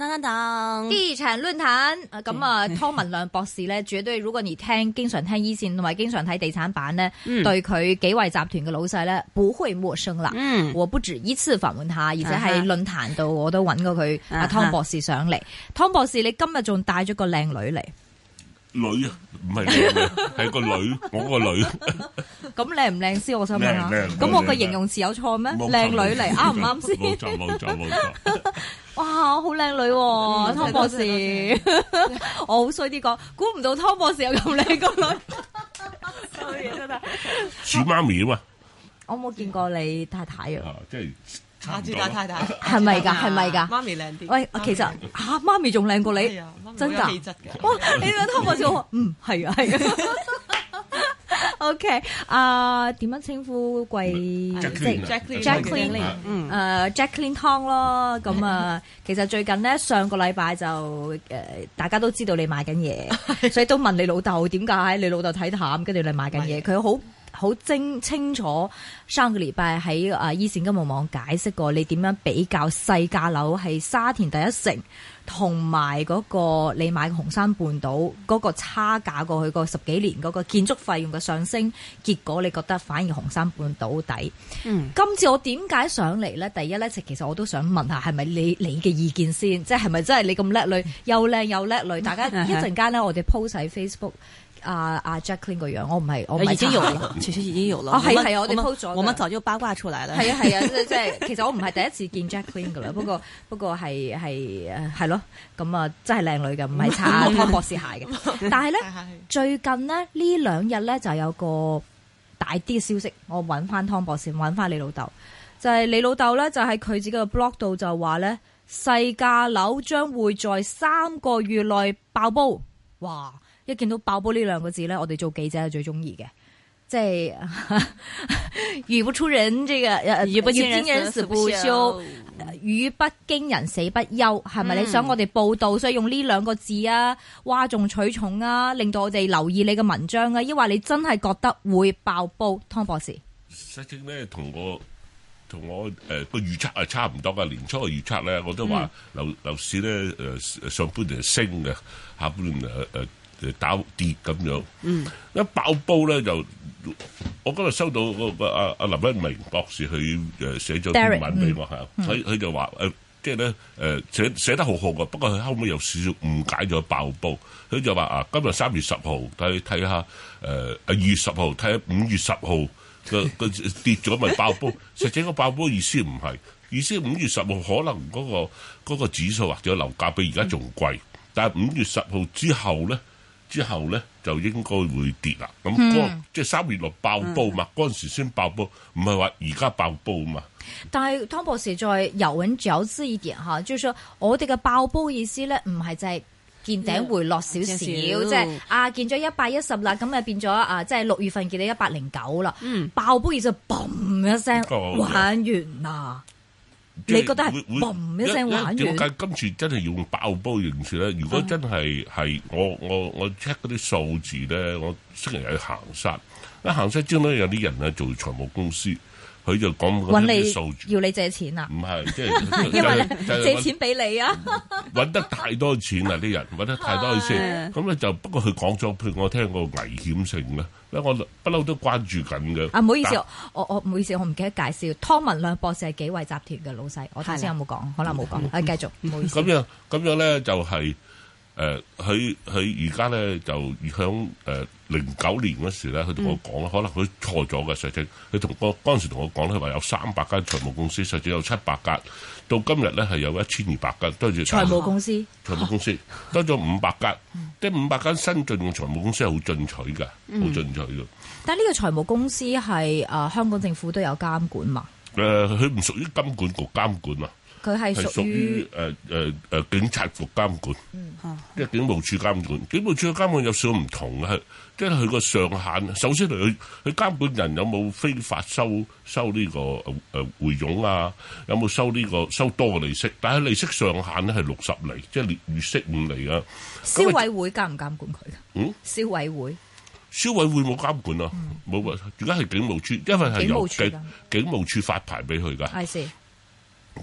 噔噔噔！地產論壇咁啊，湯文亮博士咧，絕對如果你聽經常聽 E 線同埋經常睇地產版咧，嗯、對佢紀惠集團嘅老細咧，唔會陌生啦。嗯、我不止一次訪問下，而且喺論壇度我都揾過佢阿、啊、湯博士上嚟。啊啊、湯博士，你今日仲帶咗個靚女嚟？女唔係女，係個女，我個女咁靚唔靚先？我想問下，咁我個形容詞有錯咩？靚女嚟啱唔啱先？冇錯冇錯冇錯！哇，好靚女，湯博士，我好衰啲講，估唔到湯博士有咁靚個女，衰啊，真係似媽咪啊嘛！我冇見過你太太啊，即係。亞住大太太係咪㗎？係咪㗎？媽咪靚啲。喂，其實嚇媽咪仲靚過你，真㗎。氣質㗎。哇！你兩通我笑，嗯係啊，係啊，OK 啊。啊，點樣稱呼貴姓？Jacqueline，Jacqueline，嗯，誒，Jacqueline Tong 咯。咁啊，其實最近咧，上個禮拜就誒，大家都知道你買緊嘢，所以都問你老豆，點解你老豆睇淡，跟住你買緊嘢，佢好。好精清楚上個禮拜喺啊 e 線金融網解釋過你點樣比較細價樓係沙田第一城同埋嗰個你買紅山半島嗰個差價過去個十幾年嗰個建築費用嘅上升，結果你覺得反而紅山半島抵。嗯，今次我點解上嚟呢？第一呢，其實我都想問下是是，係咪你你嘅意見先？即係咪真係你咁叻女， 又靚又叻女？ 大家一陣間呢，我哋 post 晒喺 Facebook。阿阿 Jacklyn 個樣，我唔係我唔係已經有啦，悄已經有啦。哦，係係啊，我哋 post 咗，我乜就要八卦出嚟啦。係啊係啊，即係、啊， 其實我唔係第一次見 Jacklyn 噶啦，不過 不過係係係咯，咁啊，啊，啊真係靚女㗎，唔係擦湯博士鞋嘅， 但係咧 最近呢，兩呢兩日咧就有個大啲嘅消息，我搵翻湯博士，搵翻你老豆，就係、是、你老豆咧就喺佢自己嘅 blog 度就話咧，細價樓將會在三個月內爆煲，哇！一見到爆煲呢兩個字咧，我哋做記者係最中意嘅，即係語 不出人，這個語不，不驚人死不休，語、嗯、不驚人死不休，係咪你想我哋報道，所以用呢兩個字啊，嘩眾取寵啊，令到我哋留意你嘅文章啊，抑或你真係覺得會爆煲，湯博士？實際咧，同我同我誒個預測係差唔多嘅，年初嘅預測咧，我都話樓樓市咧誒上半年升嘅，下半年誒。呃誒打跌咁樣，一爆煲咧就，我今日收到個個阿阿林一明博士佢誒寫咗篇文俾我，係佢佢就話誒，即係咧誒寫寫得好好嘅，不過佢後尾有少少誤解咗爆煲，佢就話啊，今日三月十號，睇睇下誒二月十號，睇下五月十號佢佢跌咗咪爆煲。實際個爆煲意思唔係，意思五月十號可能嗰個嗰個指數啊，仲有樓價比而家仲貴，但係五月十號之後咧。之後咧就應該會跌啦，咁、那、嗰、個嗯、即係三月落爆煲嘛，嗰陣、嗯、時先爆煲，唔係話而家爆煲啊嘛。嗯、但係湯博士再游穩少知一點吓，就說我哋嘅爆煲意思咧，唔係就係見頂回落少少，嗯、少少即係啊見咗一百一十啦，咁啊變咗啊即係六月份見到一百零九啦，嗯、爆煲意思嘣一聲、嗯、玩完啦。嗯是你覺得係嘣一聲玩完？點解今次真係用爆煲形式咧？如果真係係、嗯、我我我 check 嗰啲數字咧，我星期日去行山。一行山，專登有啲人咧做財務公司。佢就講咁樣數要你借錢啊？唔係，即係借錢俾你啊！搵得太多錢啦，啲人搵得太多先，咁咧就不過佢講咗，譬如我聽過危險性咧，因為我不嬲都關注緊嘅。啊，唔好意思，我我唔好意思，我唔記得介紹湯文亮博士係紀惠集團嘅老細，我頭先有冇講？可能冇講，我繼續。唔好意思。咁樣咁樣咧，就係。誒，佢佢而家咧就響誒零九年嗰時咧，佢同我講啦，嗯、可能佢錯咗嘅實際，佢同我嗰陣時同我講咧，佢話有三百間財務公司，實際有七百間，到今日咧係有一千二百間，多住財務公司，財務公司多咗五百間，即五百間新進嘅財務公司係好進取嘅，好進取嘅、嗯。但係呢個財務公司係誒、呃、香港政府都有監管嘛？誒、呃，佢唔屬於金管局監管啊。佢係屬於誒誒誒警察局監管，即係警務處監管。警務處嘅監管有少少唔同嘅，即係佢個上限。首先嚟，佢佢監管人有冇非法收收呢個誒誒回佣啊？有冇收呢個收多嘅利息？但係利息上限咧係六十厘，即係月息五厘啊！消委會監唔監管佢？嗯，消委會，消委會冇監管啊，冇啊！而家係警務處，因為係警警務處發牌俾佢噶，係是。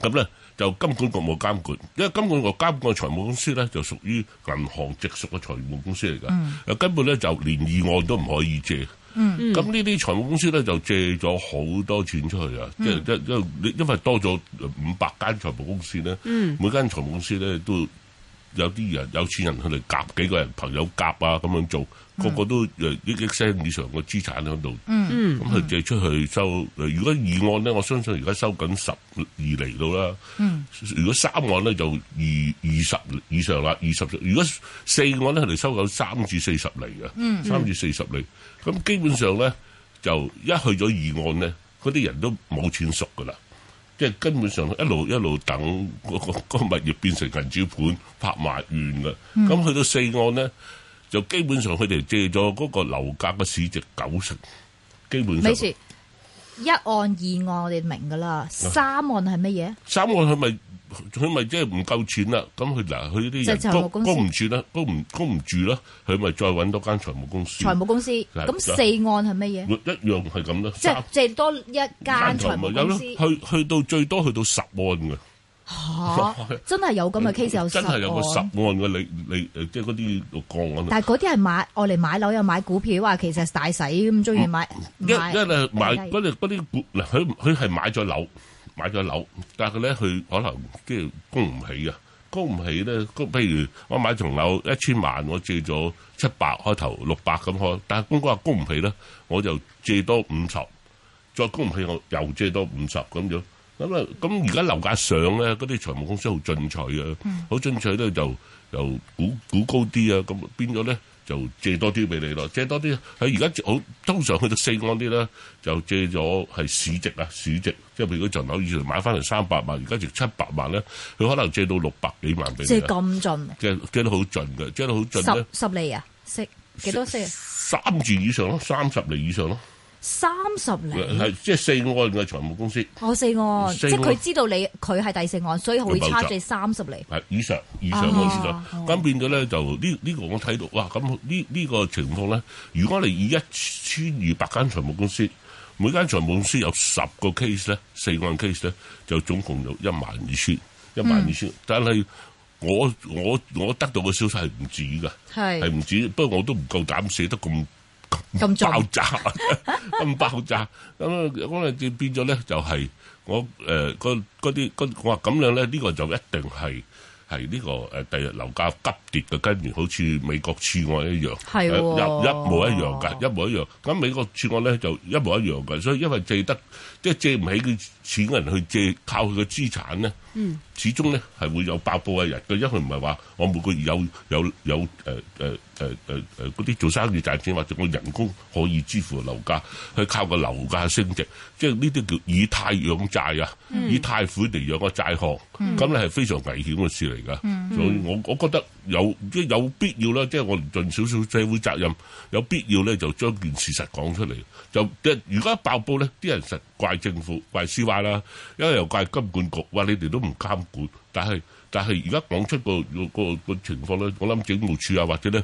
咁咧？就根本冇監管，因為根本個監管嘅財務公司咧就屬於銀行直屬嘅財務公司嚟㗎，嗯、根本咧就連意外都唔可以借，咁呢啲財務公司咧就借咗好多錢出去啊，即係即係、嗯、因為多咗五百間財務公司咧，嗯、每間財務公司咧都。有啲人，有錢人佢哋夾幾個人朋友，夾啊咁樣做，mm. 個個都誒億億聲以上個資產喺度，咁佢借出去收。如果二案咧，我相信而家收緊十二厘到啦。Mm. 如果三案咧，就二二十以上啦，二十。如果四案咧，佢哋收緊三至四十厘嘅，mm. 三至四十厘，咁、mm. 基本上咧，就一去咗二案咧，嗰啲人都冇錢熟噶啦。即係根本上一路一路等嗰個嗰個物業變成銀主盤拍埋完啦，咁、嗯、去到四案咧，就基本上佢哋借咗嗰個樓價嘅市值九成，基本上等等。你一案、二案，我哋明㗎啦，三案係乜嘢？三案係咪？佢咪即係唔夠錢啦？咁佢嗱，佢呢啲供唔住啦，供唔供唔住啦？佢咪再搵多間財務公司。財務公司咁四案係乜嘢？一樣係咁咯。即係借多一間財務公司。去去到最多去到十案嘅真係有咁嘅 case 真係有個十案嘅你你，即係嗰啲個案。但係嗰啲係買，我嚟買樓又買股票啊，其實大洗咁中意買。一一買嗰啲啲股，佢佢係買咗樓。買咗樓，但係佢咧，佢可能即係供唔起啊！供唔起咧，譬如我買層樓一千萬，我借咗七百開頭，六百咁開，但係供嗰下供唔起咧，我就借多五十，再供唔起我又借多五十咁樣。咁啊，咁而家樓價上咧，嗰啲財務公司好進取啊，好進取咧就又估估高啲啊，咁變咗咧。就借多啲俾你咯，借多啲。佢而家好通常去到四岸啲咧，就借咗係市值啊，市值，即係譬如嗰幢樓以前買翻嚟三百萬，而家值七百萬咧，佢可能借到六百幾萬俾你。借咁盡？借借得好盡㗎。借得好盡咧。十十釐啊，息幾多息、啊？三字以上咯，三十厘以上咯。三十厘，係即係四案嘅財務公司。哦，四案，四個即係佢知道你佢係第四案，所以佢會差咗三十釐，係以上以上咁、啊、變咗咧就呢呢、呢個呢個我睇到，哇！咁呢呢個情況咧，如果你以一千二百間財務公司，每間財務公司有十個 case 咧，四案 case 咧，就總共有一萬二千，一萬二千。但係我我我得到嘅消息係唔止噶，係係唔止。不過我都唔夠膽寫得咁。咁爆炸，咁爆炸，咁啊、 就是，我哋變咗咧就係我誒，嗰、呃、啲，我話咁樣咧，呢、這個就一定係係呢個誒，第日樓價急跌嘅根源，好似美國次按一樣，係是、哦、一一模一樣噶，一模一樣。咁美國次按咧就一模一樣噶，所以因為借得即係借唔起佢錢人去借，靠佢嘅資產咧。嗯，始終咧係會有爆煲嘅人嘅，因為唔係話我每個月有有有誒誒誒誒誒啲做生意賺錢或者我人工可以支付樓價，去靠個樓價升值，即係呢啲叫以貸養債啊，嗯、以貸款嚟養個債項，咁咧係非常危險嘅事嚟㗎。嗯嗯、所以我我覺得有即係有必要啦，即係我哋盡少少社會責任，有必要咧就將件事實講出嚟，就即係如果一爆煲咧，啲人實怪政府，怪司法啦，因為又怪金管局，話你哋都唔監管，但係但係而家講出個個個情況咧，我諗政務處啊或者咧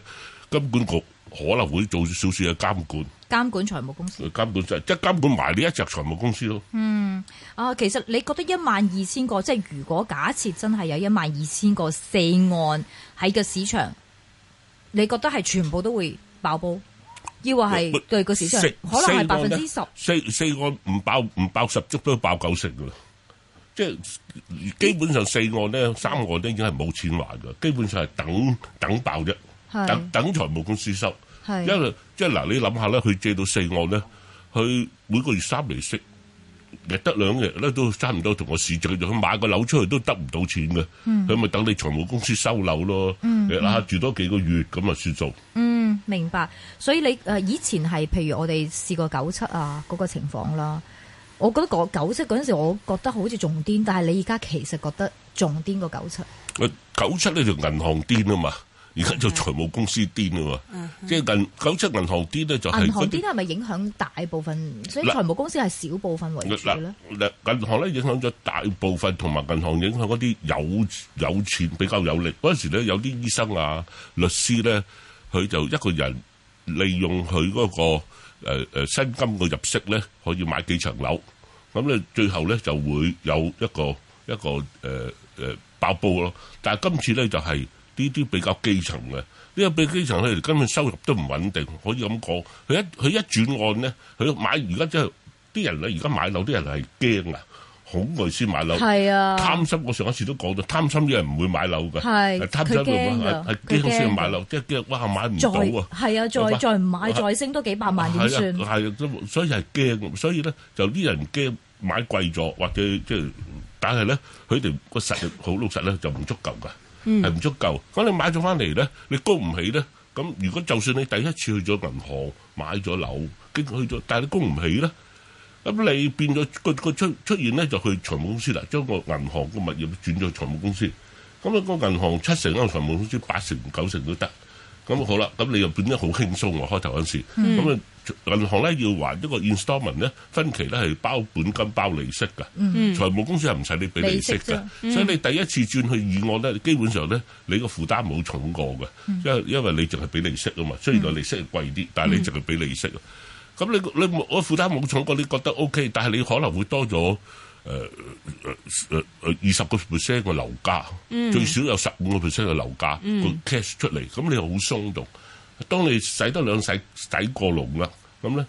金管局可能會做少少嘅監管，監管財務公司，監管就即係監管埋呢一隻財務公司咯。嗯啊，其實你覺得一萬二千個，即係如果假設真係有一萬二千個四案喺個市場，你覺得係全部都會爆煲？要話係對個市場可能係百分之十。四四按唔爆唔爆十足都爆九成噶啦，即係基本上四按咧，三按咧已經係冇錢還噶，基本上係等等爆啫是，等等財務公司收。是因為即係嗱，你諗下咧，佢借到四按咧，佢每個月三厘息。日得兩日咧都差唔多同我市值咗，去買個樓出去都得唔到錢嘅，佢咪等你財務公司收樓咯。嗯嗯、住多幾個月咁啊算數嗯，明白。所以你誒以前係譬如我哋試過九七啊嗰、嗰個情況啦、嗯，我覺得九七嗰陣時我覺得好似仲癲，但係你而家其實覺得仲癲過九七。誒、嗯，九七呢就銀行癲啊嘛。而家就財務公司癲嘅喎，即係近九七銀行癲咧就係銀行癲，係咪影響大部分？所以財務公司係少部分為主咧。嗱，銀行咧影響咗大部分，同埋銀行影響嗰啲有有錢比較有力嗰陣時咧，有啲醫生啊、律師咧，佢就一個人利用佢嗰個誒誒薪金嘅入息咧，可以買幾層樓。咁咧最後咧就會有一個一個誒誒爆煲咯。但係今次咧就係。呢啲比較基層嘅，呢個比基層佢哋根本收入都唔穩定，可以咁講。佢一佢一轉按咧，佢買而家即係啲人咧，而家買樓啲人係驚啊，恐懼先買樓。係啊，貪心我上一次都講到，貪心啲人唔會買樓嘅。係貪心佢驚啊，佢驚先買樓，即係驚哇買唔到啊，係啊，再再唔買再升都幾百萬點算？係都所以係驚，所以咧就啲人驚買貴咗或者即係，但係咧佢哋個實力好老實咧就唔足夠㗎。係唔足夠，咁你買咗翻嚟咧，你供唔起咧？咁如果就算你第一次去咗銀行買咗樓，跟住去咗，但係你供唔起咧，咁你變咗個個出出現咧就去財務公司啦，將個銀行個物業轉咗財務公司，咁啊個銀行七成個財務公司八成九成都得。咁好啦，咁你又變得好輕鬆喎、啊。開頭嗰時，咁啊、嗯、銀行咧要還一個 installment 咧分期咧係包本金包利息噶，嗯、財務公司係唔使你俾利息噶，息嗯、所以你第一次轉去二按咧，基本上咧你個負擔冇重過㗎，嗯、因為因為你淨係俾利息啊嘛，雖然個利息係貴啲，但係你淨係俾利息。咁、嗯、你你我負擔冇重過，你覺得 OK，但係你可能會多咗。誒誒誒誒，二十個 percent 個樓價最少有十五個 percent 個樓價個 cash 出嚟，咁你好鬆動。當你使得兩使使過籠啦，咁咧，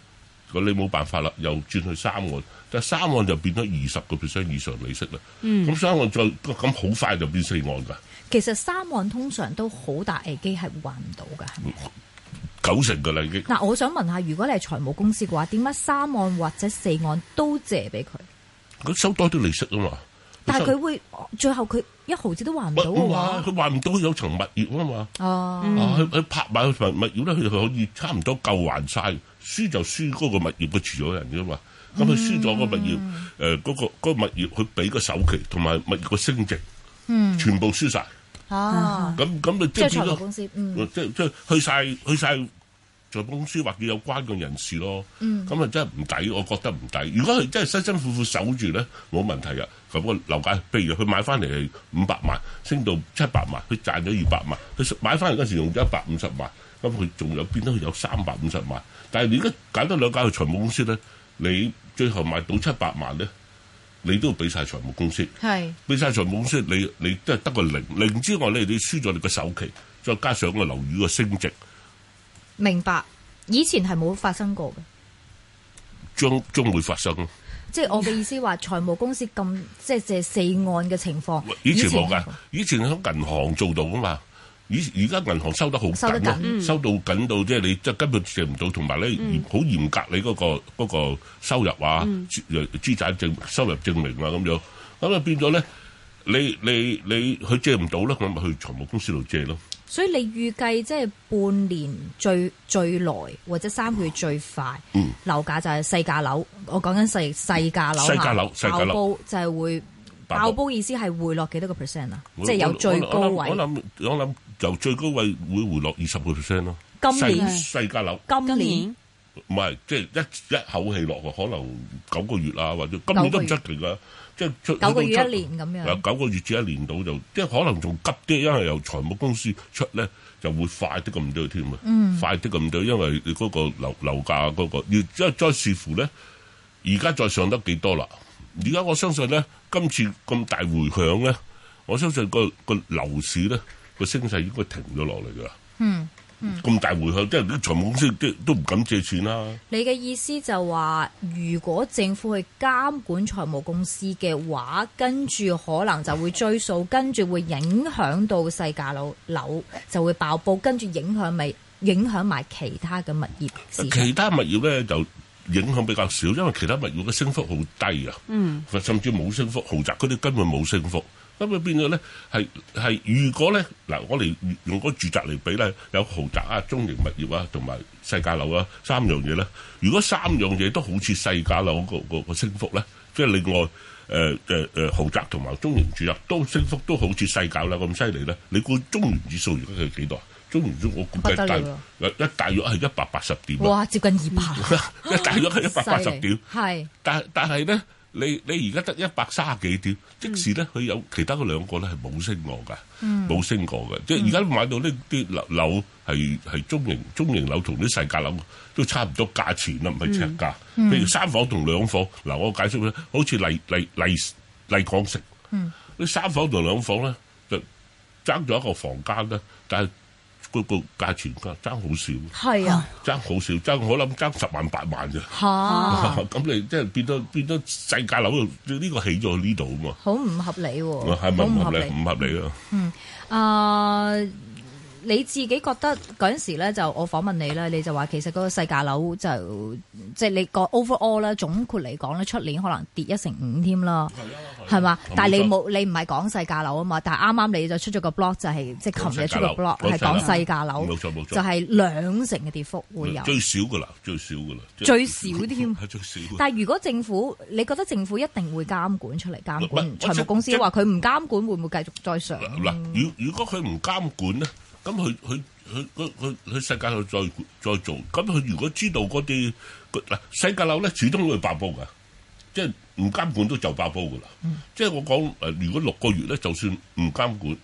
咁你冇辦法啦，又轉去三按，但三按就變咗二十個 percent 以上利息啦。嗯、mm.，咁三按再咁好快就變四按噶。其實三按通常都好大危機，係還唔到噶，九成噶啦已經。嗱、啊，我想問下，如果你係財務公司嘅話，點解三按或者四按都借俾佢？佢收多啲利息啊嘛，但係佢會收最後佢一毫子都還唔到，佢還唔到有層物業啊嘛，啊佢佢、啊嗯、拍賣物業咧，佢佢可以差唔多夠還晒，輸就輸嗰個物業嘅持有人啫嘛，咁佢輸咗個物業，誒嗰個物業佢俾、嗯呃嗰個、嗰個、個首期同埋物業個升值，嗯，全部輸晒。啊，咁咁咪即係啲咗，即係即係去晒。去曬。去財務公司或者有關嘅人士咯，咁啊、嗯、真係唔抵，我覺得唔抵。如果佢真係辛辛苦苦守住咧，冇問題啊。咁個樓價，譬如佢買翻嚟係五百萬，升到七百萬，佢賺咗二百萬。佢買翻嚟嗰時用咗一百五十萬，咁佢仲有變得佢有三百五十萬。但係你而家揀多兩間財務公司咧，你最後買到七百萬咧，你都要俾晒財務公司，俾晒是財務公司，你你都係得個零零之外，你輸咗你輸咗你個首期，再加上個樓宇個升值。明白，以前係冇發生過嘅，將將會發生。即係我嘅意思話，財務公司咁即係借四案嘅情況。以前冇噶，以前喺銀行做到噶嘛。以而家銀行收得好緊，收到緊到即係你即係根本借唔到，同埋咧好嚴格你嗰個嗰個收入啊，資資產證明收入證明啊咁樣，咁啊變咗咧，你你你佢借唔到咧，咁咪去財務公司度借咯。所以你預計即係半年最最耐，或者三個月最快、嗯、樓價就係細價樓。我講緊細細價,細價樓。細價樓，細價樓。就係會爆煲會，爆煲意思係回落幾多個 percent 啊？我即係由最高位。我諗，我諗由最高位會回落二十個 percent 咯。啊、今年細,細價樓，今年唔係即係一一口氣落喎，可能九個月啊，或者今年都唔出奇㗎。即係九個月一年咁樣，有九個月至一年到就，即係可能仲急啲，因為由財務公司出咧就會快啲咁多添啊，嗯、快啲咁多，因為你嗰個樓樓價嗰、嗰個即係再視乎咧，而家再上得幾多啦？而家我相信咧，今次咁大迴響咧，我相信、嗰個個樓市咧個升勢應該停咗落嚟㗎。嗯。咁、嗯、大回向，即係啲財務公司都都唔敢借錢啦，啊。你嘅意思就話，如果政府去監管財務公司嘅話，跟住可能就會追數，跟住會影響到細價樓，樓就會爆煲，跟住影響咪影響埋其他嘅物業。其他物業咧就影響比較少，因為其他物業嘅升幅好低啊。嗯，甚至冇升幅，豪宅嗰啲根本冇升幅。咁佢變咗咧係如果咧嗱，我哋用個住宅嚟比咧，有豪宅啊、中型物業啊，同埋細價樓啊三樣嘢咧。如果三樣嘢都好似細價樓、嗰個、嗰個升幅咧，即係另外、呃呃、豪宅同埋中型住宅都升幅都好似細價樓咁犀利咧。你估中原指數而家係幾多？中原指數我估計大一，大約係一百八十點。哇！接近二百。 一，大約係一百八十點。但係，但係咧。你你而家得一百卅幾點，即使咧佢有其他嗰兩個咧係冇升過㗎，冇升過嘅。即係而家買到啲啲樓樓係係中型中型樓同啲細價樓都差唔多價錢啦，唔係尺價。譬如三房同兩房，嗱我解釋咧，好似麗麗麗麗港城，啲三房同兩房咧就爭咗一個房間啦，但係，嗰個價錢爭好少，係啊，爭好少，爭我諗爭十萬八萬咋，嚇、啊！咁、啊、你即係變咗變到細價樓，呢、呢個起咗呢度啊嘛，好唔合理喎，係咪？唔合理，唔合理啊，嗯啊。嗯呃你自己覺得嗰陣時咧，就我訪問你咧，你就話其實嗰個細價樓就即係你個 overall 咧總括嚟講咧，出年可能跌一成五添啦，係嘛？但係你冇你唔係講細價樓啊嘛？但係啱啱你就出咗個 blog 就係即係琴日出個 blog 係講細價樓，就係兩成嘅跌幅會有最少㗎啦，最少㗎啦，最少添。但係如果政府你覺得政府一定會監管出嚟監管財務公司，話佢唔監管會唔會繼續再上？嗱，如如果佢唔監管呢？咁佢佢佢佢佢佢世界樓再再做，咁佢如果知道嗰啲嗱世界樓咧，始終都會爆煲噶，即係唔監管都就爆煲噶啦。即係我講誒如果六個月咧，就算唔監管，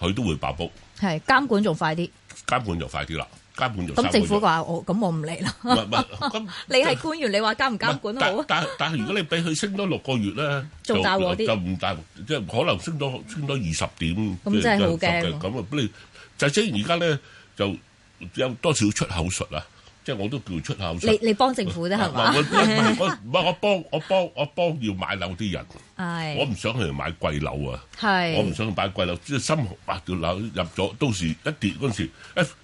佢都會爆煲。係監管仲快啲。監管就快啲啦，監管 就。咁政府話我咁，我唔理啦。咁你係官員，你話監唔監管好啊？但係但，但如果你俾佢升多六個月咧， 就就唔大即係可能升多升多二十點，咁真係好驚。咁啊，就即而家咧，就有多少出口術啊！即係我都叫出口術。你你幫政府啫，係嘛？唔係我幫我幫我幫要買樓啲人。是我唔想去買貴樓啊！我唔想去買貴樓，即係是、就是、深白條樓入咗、啊，到時一跌嗰陣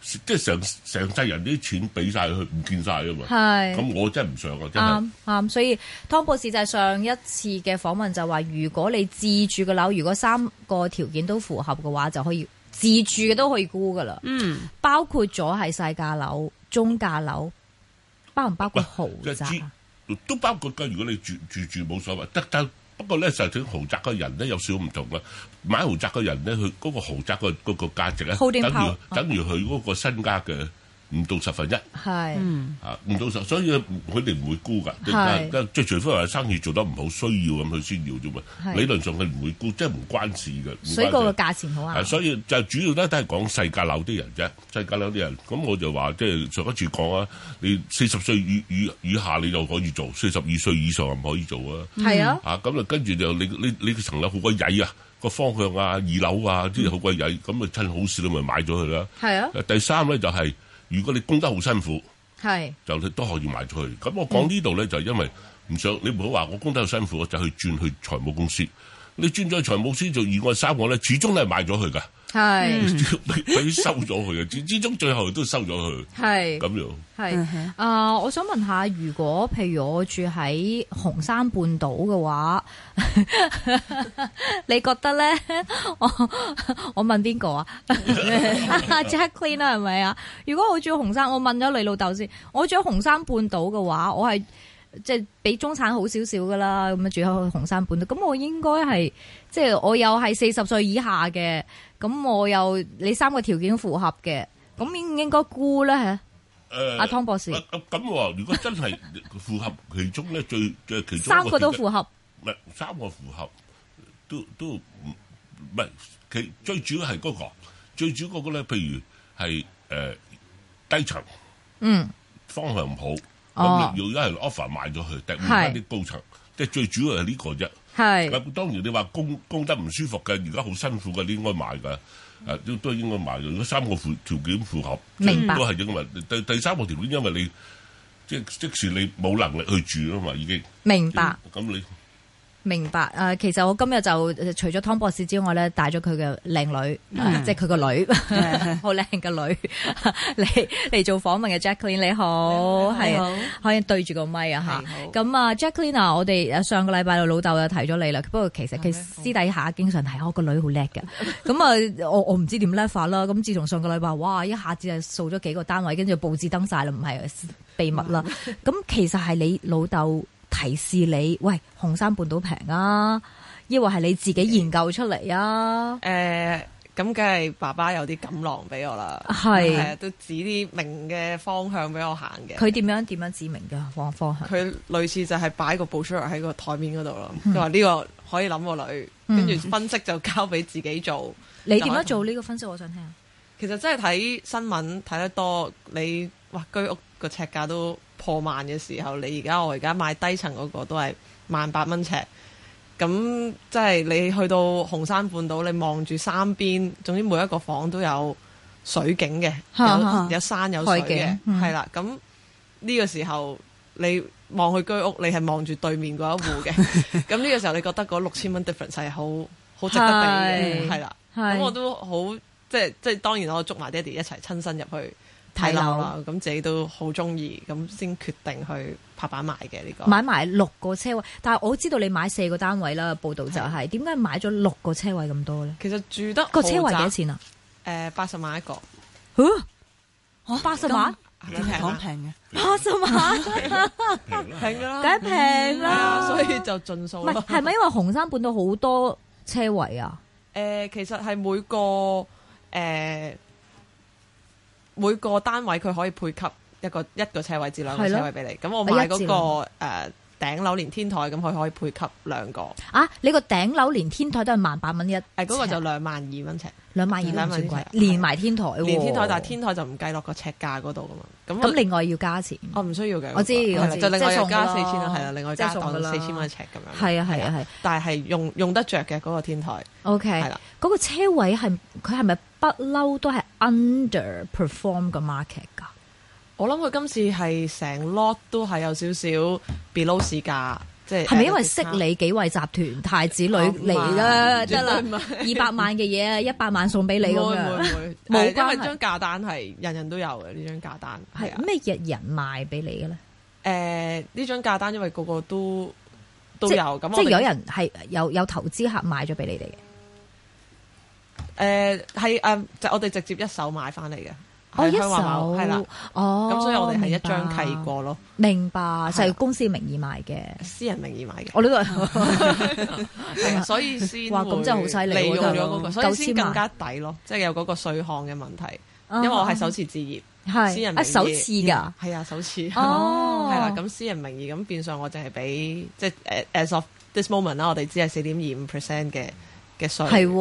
時，即係成成世人啲錢俾晒佢，唔見晒啊嘛！咁是我真係唔想啊！真係。啱啱、嗯嗯，所以湯博士就係上一次嘅訪問就話，如果你自住嘅樓，如果三個條件都符合嘅話，就可以。自住嘅都可以估噶啦，包括咗係細價樓、中價樓，包唔包括豪宅？都包括噶，如果你住住住冇所謂，得得。不過咧，就整豪宅嘅人咧有少唔同啦。買豪宅嘅人咧，佢嗰個豪宅嘅、嗰個價值咧，等於等於佢嗰個身家嘅。嗯五到十分一，係是、嗯、啊，五到十，所以佢哋唔會估噶，即係是除非話生意做得唔好，需要咁佢先要啫嘛。是理論上佢唔會沽，即係唔關事嘅。水果嘅價錢好啱、啊。所以就主要呢都都係講細價樓啲人啫，細價樓啲人咁我就話即係上一次講啊，你四十歲以以以下你就可以做，四十二歲以上唔可以做啊。係啊。啊咁啊，跟住就你呢呢個層樓好鬼曳啊，個方向啊，二樓啊啲好鬼曳，咁、就、啊、是嗯、趁好事咧咪買咗佢啦。係啊,啊。第三咧就係、是。如果你供得好辛苦，是就你都可以賣咗佢。咁我講呢度咧，嗯、就係因為唔想你唔好話我供得好辛苦，我就去轉去財務公司。你轉咗去財務公司做二個三個咧，始終都係賣咗佢噶。係，佢是、嗯、 收咗佢啊！始終最後都收咗佢，係咁是樣。係啊、呃，我想問下，如果譬如我住喺紅山半島嘅話， 你覺得咧？我我問邊個啊？Jack Clean 啊，係咪啊？如果我住紅山，我問咗你老豆先。我住喺紅山半島嘅話，我係。即係比中產好少少噶啦，咁樣住喺紅山本啦。咁我應該係即係我又係四十歲以下嘅，咁我又你三個條件符合嘅，咁應唔應該估咧誒，阿湯、呃啊、博士，咁、呃啊、如果真係符合其中咧 最最，最其中個三個都符合，唔係三個符合都都唔唔係，其最主要係嗰、那個，最主要嗰、那個咧，譬如係誒、呃、低層，嗯，方向唔好。嗯咁要而家係 offer 賣咗佢，突翻啲高層，即係最主要係呢個啫。係，當然你話供供得唔舒服嘅，而家好辛苦嘅，你應該買嘅，誒都都應該買嘅。如果三個符條件符合，都係因為第第三個條件，因為你即係即使你冇能力去住吖嘛，已經明白。咁你。明白啊。其實我今日就除咗湯博士之外咧，帶咗佢嘅靚女，即係佢個女，好靚嘅女嚟嚟做訪問嘅 Jacklyn 你好，係好可以對住個咪啊嚇。咁啊 Jacklyn 啊，我哋上個禮拜老豆又提咗你啦。不過其實佢私底下經常提，我個女好叻嘅。咁啊，我我唔知點叻法啦。咁 自從上個禮拜，哇！一下子就掃咗幾個單位，跟住報紙登晒啦，唔係秘密啦。咁 其實係你老豆，提示你，喂，紅山半島平啊，抑或係你自己研究出嚟啊？誒、嗯，咁梗係爸爸有啲錦囊俾我啦，係是、呃，都指啲明嘅方向俾我行嘅。佢點樣點樣指明嘅方方向？佢類似就係擺個簿出入喺個台面嗰度咯，佢話呢個可以諗個女，跟住分析就交俾自己做。嗯、你點樣做呢個分析？我想聽。其實真係睇新聞睇得多，你哇居屋個尺價都。破萬嘅時候，你而家，我而家買低層嗰個都係萬八蚊尺，咁即係你去到紅山半島，你望住三邊，總之每一個房都有水景嘅，有有山有水嘅，係啦。咁呢、嗯、個時候你望去居屋，你係望住對面嗰一戶嘅，咁呢 個時候你覺得嗰六千蚊 difference 係好好值得畀嘅，係啦。咁我都好即係即係，當然我捉埋爹哋一齊親身入去。睇樓啦，咁自己都好中意，咁先決定去拍板買嘅呢、這個。買埋六個車位，但係我知道你買四個單位啦。報道就係、是，點解的買咗六個車位咁多咧？其實住得個車位幾錢啊？誒、呃，八十萬一個、啊。八十萬，咁平嘅，八十萬，平 啦， 梗平啦。所以就盡數唔係、係咪因為紅山半島好多車位啊？誒、呃，其實係每個誒。呃每個單位佢可以配給一個一個車位至兩個車位俾你，咁的我買嗰、嗰個誒頂樓連天台咁佢可以配給兩個啊！你個頂樓連天台都係萬八蚊一，誒嗰個就兩萬二蚊尺，兩萬二蚊唔算貴，連埋天台喎、欸。連天台，但係天台就唔計落個尺價嗰度噶嘛。咁咁另外要加錢，我唔需要嘅、嗰個。我知，係啦，就另外加四千啦，係啦，另外加檔四千蚊尺咁樣。係啊係啊係，但係用用得着嘅嗰個天台。OK，係啦，嗰的個車位係佢係咪不嬲都係 underperform 個 market 噶？我諗佢今次係成 lot 都係有少少 below 市價，即係係咪因為識你幾位集團太子女嚟咧？得啦、哦，二百行萬嘅嘢啊，一百萬送俾你咁樣，冇關係。 因為張價單係人人都有嘅呢張價單，係咩日人賣俾你嘅咧？誒，呢張價單因為個個都都有咁，即係我有人係有有投資客買咗俾你哋嘅。誒、啊，係誒，就我哋直接一手買翻嚟嘅。我一手係啦，哦，咁所以我哋係一張契過咯，明白，就係公司名義買嘅，私人名義買嘅，我呢個係，所以先哇，咁真係好犀利，利用咗嗰個，所以先更加抵咯，即係有嗰個稅項嘅問題，因為我係首次置業，係，啊，首次噶，係啊，首次，哦，係啦，咁私人名義咁變相我就係俾，即係誒，as of this moment 啦，我哋只係四點二五 percent 嘅。嘅稅係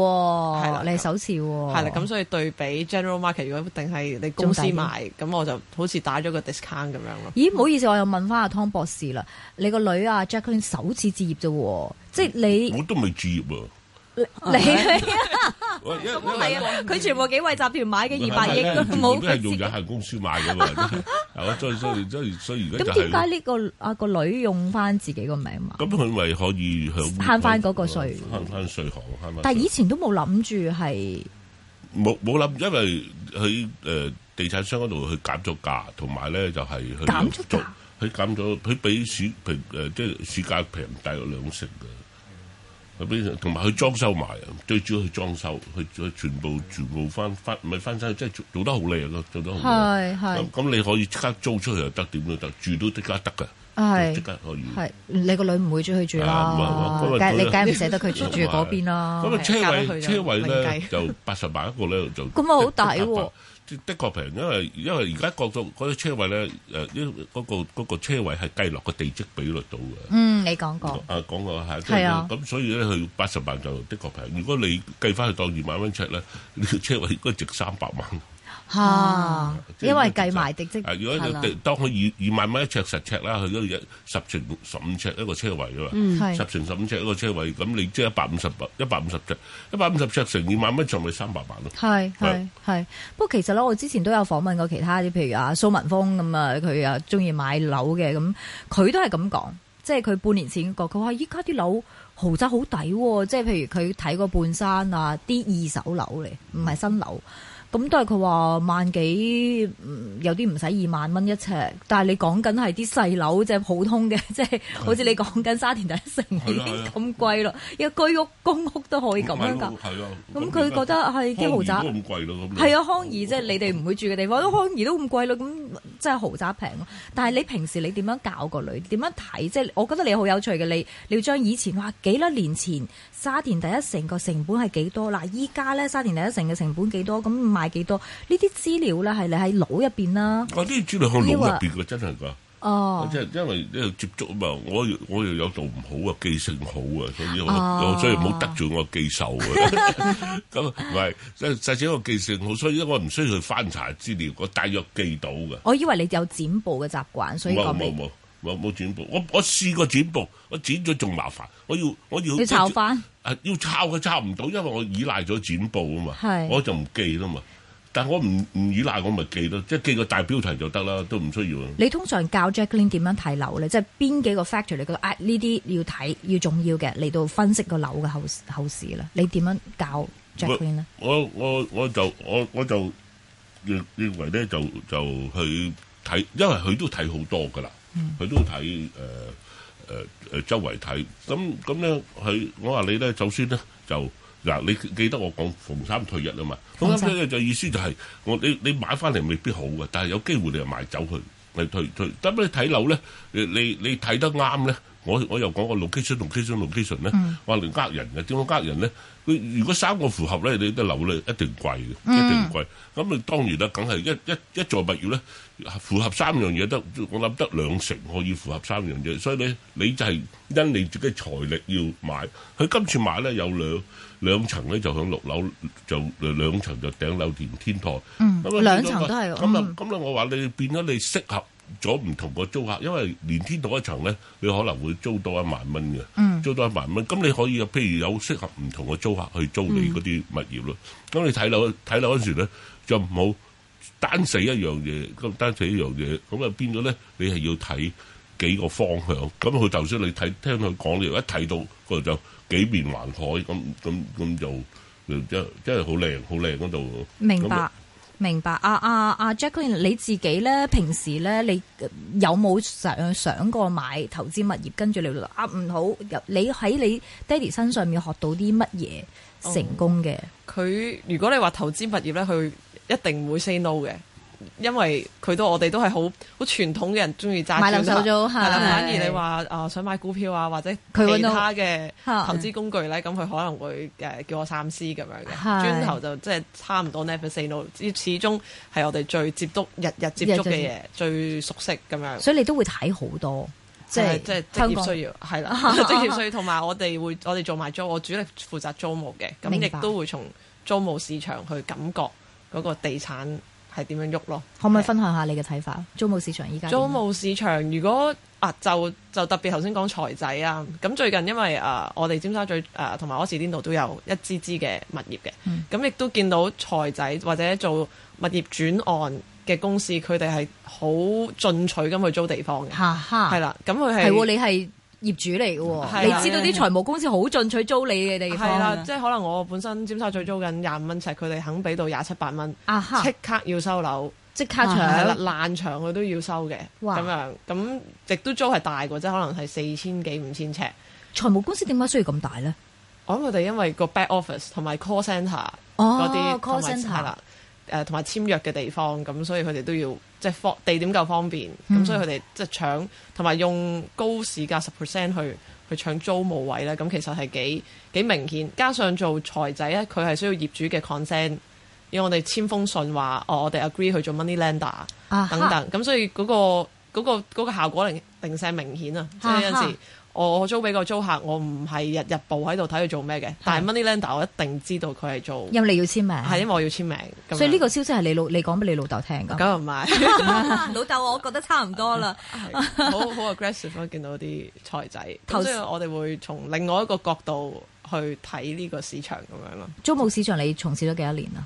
啦，你係首次喎，哦，係啦，咁所以對比 general market，如果定係你公司買，咁我就好似打咗個 discount 咁樣咯。咦，唔好意思，我又問翻阿湯博士啦，你個女啊 Jacqueline 首次置業啫喎，即係你我都未置業啊，你你啊。你呢 咁係喂喂啊！佢喂全部幾位集團買嘅二百億咯，冇。咁係用有限公司買嘅嘛？係 所以所以所以而家係咁。點解呢個啊個女用翻自己個名嘛？咁佢咪可以享慳翻嗰個稅，慳翻稅項，慳翻。但係以前都冇諗住係冇冇諗，因為佢、呃、地產商嗰度去減咗價，同埋咧就係、去、減咗佢減咗佢比市平、呃、即係市價平大咗兩成嘅。同埋佢裝修埋啊！最主要佢裝修，佢全部全部翻翻，唔係翻晒，即係做做得好靚咯，做得好靚。係咁你可以即刻租出去又得，點都得，住都即刻得㗎。啊，即刻可以。係你個女唔會出去住啊？唔係唔係，你你唔捨得佢住住嗰邊啊？咁啊，車位車位咧就八十萬一個咧就咁啊，好抵喎！的確平，因為因為而家角度嗰啲車位咧，誒，呢嗰個嗰個車位係計落個地積比率到嘅。嗯，你講過啊，講過係，係啊。咁所以咧，佢八十萬就的確平。如果你計翻去當二萬蚊尺咧，呢個車位應該值三百萬。啊！是因為計埋地積，是如果的當當佢二二萬蚊一尺十尺啦，佢嗰度十乘十五尺一個車位㗎嘛，十乘十五尺一個車位，咁你即係一百五十一百五十尺，一百五十尺乘二萬蚊，仲咪三百萬咯。係係係。的的不過其實咧，我之前都有訪問過其他啲，譬如啊蘇文峰咁啊，佢啊中意買樓嘅咁，佢都係咁講，即係佢半年前講，佢話依家啲樓豪宅好抵喎，即係譬如佢睇過半山啊啲二手樓嚟，唔係新樓。嗯咁都係佢話萬幾，有啲唔使二萬蚊一尺，但係你講緊係啲細樓啫，普通嘅，即係好似你講緊沙田第一城已經咁貴咯，有居屋公屋都可以咁樣㗎，咁佢覺得係啲豪宅，咁貴咯。係啊，康怡即係你哋唔會住嘅地方，都康怡都咁貴喇，咁即係豪宅平咯。但係你平時你點樣教個女？點樣睇？即係我覺得你好有趣嘅，你你要將以前話幾多年前？沙田第一城個成本係幾多？嗱，依家咧，沙田第一城嘅成本幾多？咁賣幾多？呢啲資料咧係你喺腦入邊啦。哦、啊，啲資料喺腦入邊嘅，為真係㗎。哦、啊，即係因為呢度接觸啊嘛，我我又有度唔好啊，記性好啊，所以我、啊、所以唔好得罪我記仇啊。咁唔係，實際我記性好，所以我唔需要去翻查資料，我大約記到嘅。我以為你有剪報嘅習慣，所以冇冇。冇冇剪報，我我試過剪報，我剪咗仲麻煩。我要我要抄翻啊！要抄佢抄唔到，因為我依賴咗剪報啊嘛。是我就唔記啦嘛。但係我唔唔依賴，我咪記咯，即係記個大標題就得啦，都唔需要。你通常教 Jacklin 點樣睇樓咧？即係邊幾個 factor 你覺得啊？呢啲要睇要重要嘅嚟到分析個樓嘅後後市啦。你點樣教 Jacklin 咧？我我我就我我就認認為咧，就就去睇，因為佢都睇好多噶啦。佢、嗯、都睇誒誒誒周圍睇，咁咁咧佢我話你咧，就算咧就嗱，你記得我講逢三退一啊嘛，逢三退一就意思就係、是、我你你買翻嚟未必好嘅，但係有機會你又賣走佢嚟退退。但你睇樓咧，你你你睇得啱咧，我我又講個 loc location location location 咧，話你呃人嘅，點解呃人咧？佢如果三個符合咧，你啲樓咧一定貴嘅，一定貴。咁你當然啦，梗係一一一座物業咧，符合三樣嘢得，我諗得兩成可以符合三樣嘢。所以咧，你就係因你自己財力要買。佢今次買咧有兩兩層咧，就響六樓，就兩層就頂樓連天台。嗯，兩層都係。咁啊咁啊，我話你變咗你適合。咗唔同個租客，因為連天台一層咧，你可能會租到一萬蚊嘅，嗯、租到一萬蚊。咁你可以，譬如有適合唔同嘅租客去租你嗰啲物業咯。咁、嗯、你睇樓睇樓嗰時咧，就唔好單死一樣嘢，咁單死一樣嘢。咁啊，變咗咧，你係要睇幾個方向。咁佢就算你睇聽佢講嘢，一睇到嗰度有幾面環海，咁咁咁就真真係好靚，好靚嗰度。明白。明白啊啊啊，Jacqueline，你自己咧，平時咧，你有冇想想過買投資物業，跟住你話啊，唔好，你喺你爹哋身上面學到啲乜嘢成功嘅？佢、嗯、如果你話投資物業咧，佢一定唔會 say no 嘅。因為佢都我哋都係好好傳統嘅人，中意揸。買樓就做，係。反而你話啊，想買股票啊，或者其他嘅投資工具咧，咁佢可能會誒叫我三思咁樣嘅。係。磚頭就即係差唔多，never say no。始終係我哋最接觸、日日接觸嘅嘢，最熟悉咁樣。所以你都會睇好多，即係即係職業需要，係啦，職業需要。同埋我哋會，我哋做埋租，我主力負責租務嘅，咁亦都會從租務市場去感覺嗰個地產。係點樣喐咯？可唔可以分享下你嘅睇法？租務市場，依家租務市場，如果啊就就特別頭先講財仔啊，咁最近因為啊，我哋尖沙咀啊同埋柯士甸度都有一支支嘅物業嘅，咁亦都見到財仔或者做物業轉按嘅公司，佢哋係好進取咁去租地方嘅。哈、啊、哈，係啦，咁佢係你係，業主嚟嘅你知道啲財務公司好進取租你嘅地方，即係可能我本身尖沙咀租緊廿五蚊尺，佢哋肯俾到廿七八蚊，即刻要收樓，即刻搶，爛場佢都要收嘅，咁樣咁亦都租係大過，即係可能係四千幾五千尺。財務公司點解需要咁大咧？我諗佢哋因為個 back office 同埋 call centre 嗰啲 call centre 誒同埋簽約嘅地方，咁所以佢哋都要。即係地點夠方便，咁所以佢哋即係搶，同埋用高市價十 percent 去去搶租無位咧，咁其實係幾幾明顯。加上做財仔咧，佢係需要業主嘅 consent，要我哋簽封信話，哦，我哋 agree 去做 money lender、uh huh. 等等，咁所以嗰、嗰個嗰、嗰個嗰個、效果明明勢明顯啊！即係有時。Huh. 我租俾個租客，我唔係日日部喺度睇佢做咩嘅。是的但係 Money Lender，我一定知道佢係做。因為你要簽名，係因為我要簽名。所以呢個消息係你老你講俾你老豆聽㗎。咁又唔係老豆，我覺得差唔多啦。好好 aggressive，見 到啲財仔。頭先我哋會從另外一個角度去睇呢個市場咁樣咯。頭租務市場你從事咗幾多年啊？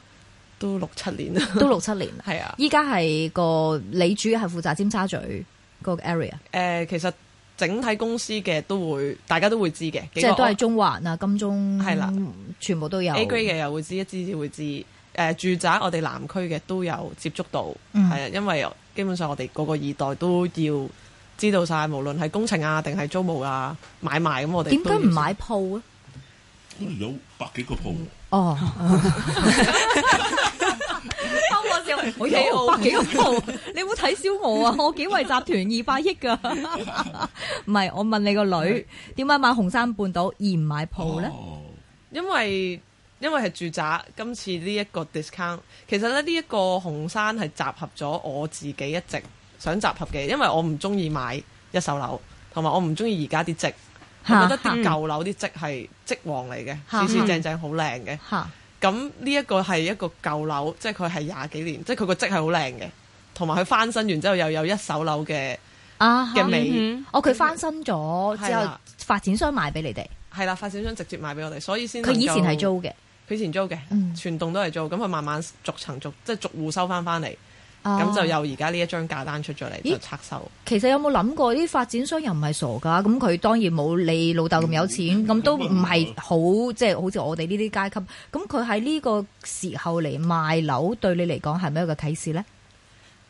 都六七年啦。都六七年。係啊的，依家係個你主要係負責尖沙咀個 area。誒、呃，其實。整體公司嘅都會，大家都會知嘅。即係都係中環啊、金鐘係啦，嗯、全部都有。A，G 嘅又會知，一知至會知、呃。住宅我哋南區嘅都有接觸到，啊、嗯，因為基本上我哋個個二代都要知道晒，無論係工程啊、定係租務啊、買賣咁，我哋點解唔買鋪啊？可能有百幾個鋪、嗯、哦。 我幾百幾個鋪， 你冇睇小我啊！我紀惠集團二百 億㗎，唔 係我問你個女點解買紅山半島而唔買鋪呢、哦？因為因為係住宅，今次呢一個 discount 其實咧呢一、呢個紅山係集合咗我自己一直想集合嘅，因為我唔中意買一手樓，同埋我唔中意而家啲積，哈我覺得啲舊樓啲積係積王嚟嘅，黐黐、嗯、正正好靚嘅。咁呢一個係一個舊樓，即係佢係廿幾年，即係佢個積係好靚嘅，同埋佢翻新完之後又有一手樓嘅嘅尾。哦，佢翻新咗、嗯、之後，發展商賣俾你哋。係啦，發展商直接賣俾我哋，所以先得。佢以前係租嘅，佢以前租嘅，全棟都係租。咁佢慢慢逐層逐即係逐戶收翻翻嚟。咁就有而家呢一張價單出咗嚟，就拆售。其實有冇諗過啲發展商又唔係傻噶？咁佢當然冇你老豆咁有錢，咁都唔係好即係好似我哋呢啲階級。咁佢喺呢個時候嚟賣樓，對你嚟講係咪一個啟示呢？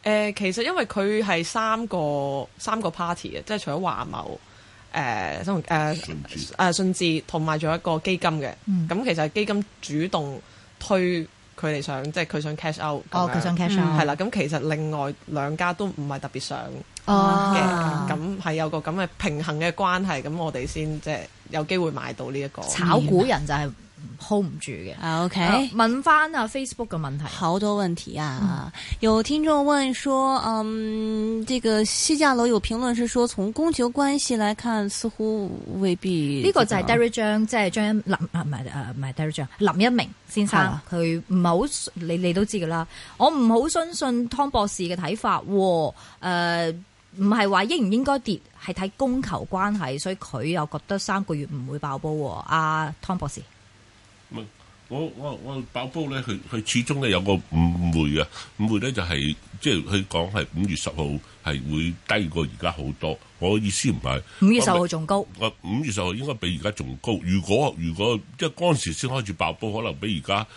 誒，其實因為佢係三個三個 party 啊，即係除咗華懋誒、誒誒信置同埋仲有一個基金嘅。咁其實基金主動推。佢哋想即係佢想 cash out，哦佢、oh, 樣想 cash out，係啦了，咁、嗯、其實另外兩家都唔係特別想嘅，咁係、oh. 有個咁嘅平衡嘅關係。咁我哋先即係有機會買到呢、這、一個炒股人就係、是。嗯 hold 唔住嘅。OK，問翻啊 Facebook 嘅問題，好多問題啊。嗯、有聽眾問說，嗯，這個細價樓有評論是說，從供求關係來看，似乎未必呢個就係 Derry Zhang 即係張一林啊，唔係唔係 Derry Zhang 林一鳴先生，佢唔係好你你都知噶啦。我唔好相信湯博士嘅睇法，誒、哦，唔係話應唔應該跌係睇供求關係，所以佢又覺得三個月唔會爆煲。阿、啊、湯博士。我我我爆煲咧，佢佢始終咧，有個誤會啊，誤會咧就係即係佢講係五月十號係會低過而家好多，我意思唔係五月十號仲高，五月十號應該比而家仲高。如果如果即係嗰陣時先開始爆煲，可能比而家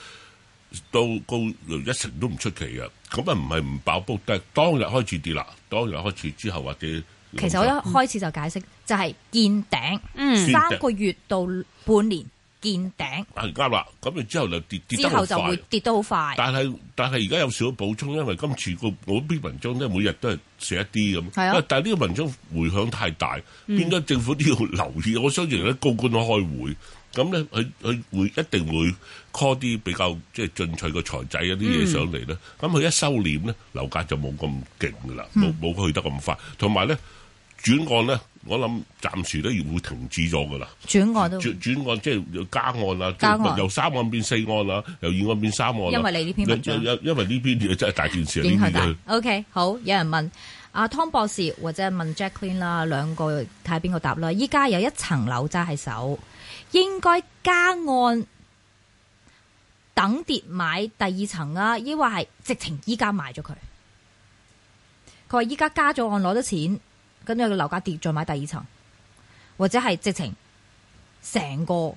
都高一成都唔出奇啊。咁啊唔係唔爆煲，但係當日開始跌啦，當日開始之後或者，其實我一開始就解釋，嗯、就係見頂，三、嗯、個月到半年。見頂，啱啦、啊。咁啊之後就跌跌得好快，之後就會跌得好快。但係但係而家有少少補充，因為今次個我篇文章咧，每日都係寫一啲咁。係啊。但係呢個文章回響太大，變咗政府都要留意。嗯、我相信咧，高官開會，咁咧佢佢會一定會 call 啲比較即係進取嘅財仔一啲嘢上嚟咧。咁佢、嗯、一收斂咧，樓價就冇咁勁㗎喇，冇冇、嗯、去得咁快。同埋咧，轉按咧。我諗暫時咧會停止咗噶啦，轉案都轉轉案，即係加案啦，加案由三案變四案啦，由二案變三案。因為你呢篇文章，因因為呢邊真係大件事啊，影響大 OK，好，有人問阿、啊、湯博士或者問 Jacklyn 啦，兩個睇下邊個答啦。依家有一層樓揸喺手，應該加案等跌買第二層啊，抑或係直情依家賣咗佢？佢話依家加咗案攞咗錢。跟住個樓價跌，再買第二層，或者係直情成個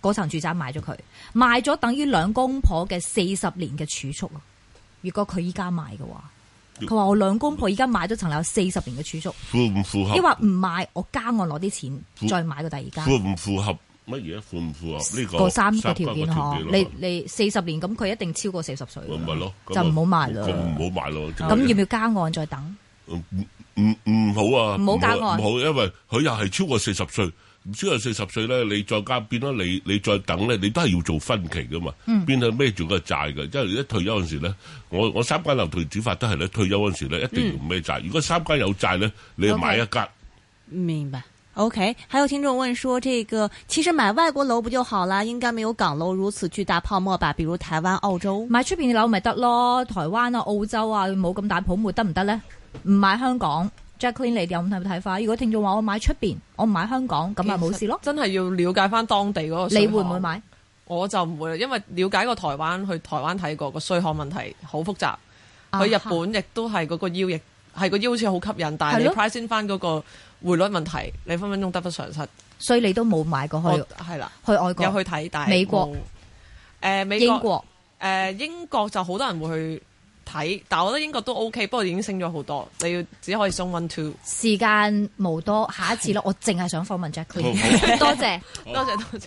嗰層住宅賣咗佢，賣咗等於兩公婆嘅四十年嘅儲蓄啊！如果佢依家賣嘅話，佢話要我兩公婆依家買咗層樓，四十年嘅儲蓄符唔符合？亦話唔賣，我加按攞啲錢符再買個第二間，符唔符合乜嘢啊？符、這、唔、個、符合呢個三個條件？嗬，你你四十年咁，佢、嗯、一定超過四十歲，咪咯、嗯，就唔好賣咯，唔好賣咯，咁要唔要，要加按？嗯、再等？嗯嗯唔唔好啊，唔好搞啊，唔好，因為佢又係超過四十歲，唔超過四十歲咧，你再加變咗你，你再等咧，你都係要做分期噶嘛，嗯，變到咩做個債噶，因為一退休嗰時咧，我我三間樓退主法都係咧，退休嗰時咧一定要孭債，嗯，如果三間有債咧，你買一間。Okay. 明白，OK。還有聽眾問說，這個其實買外國樓不就好了，應該沒有港樓如此巨大泡沫吧？比如台灣、澳洲，買出邊嘅樓咪得咯？台灣啊、澳洲啊，冇咁大泡沫得唔得咧？行唔買香港 Jacqueline 你有唔同睇法？如果聽眾話我買出邊，我唔買香港，咁咪冇事咯。真係要了解翻當地嗰個稅項。你會唔會買？我就唔會啦，因為了解過台灣，去台灣睇過，嗰個稅項問題好複雜。啊、去日本亦都係嗰個腰亦係個腰好似好吸引，但係你 pricing 翻嗰個匯率問題，咯你分分鐘得不償失。所以你都冇買過去，係啦，去外國有去睇，但係美國、誒、呃、美國、誒英、國、呃、英國就好多人會去。睇，但係我覺得英國都 OK，不過已經升咗好多。你要只可以送 one two，時間冇多，下一次咯， 我淨係想訪問 Jackie，多謝多謝多謝。好多謝多謝。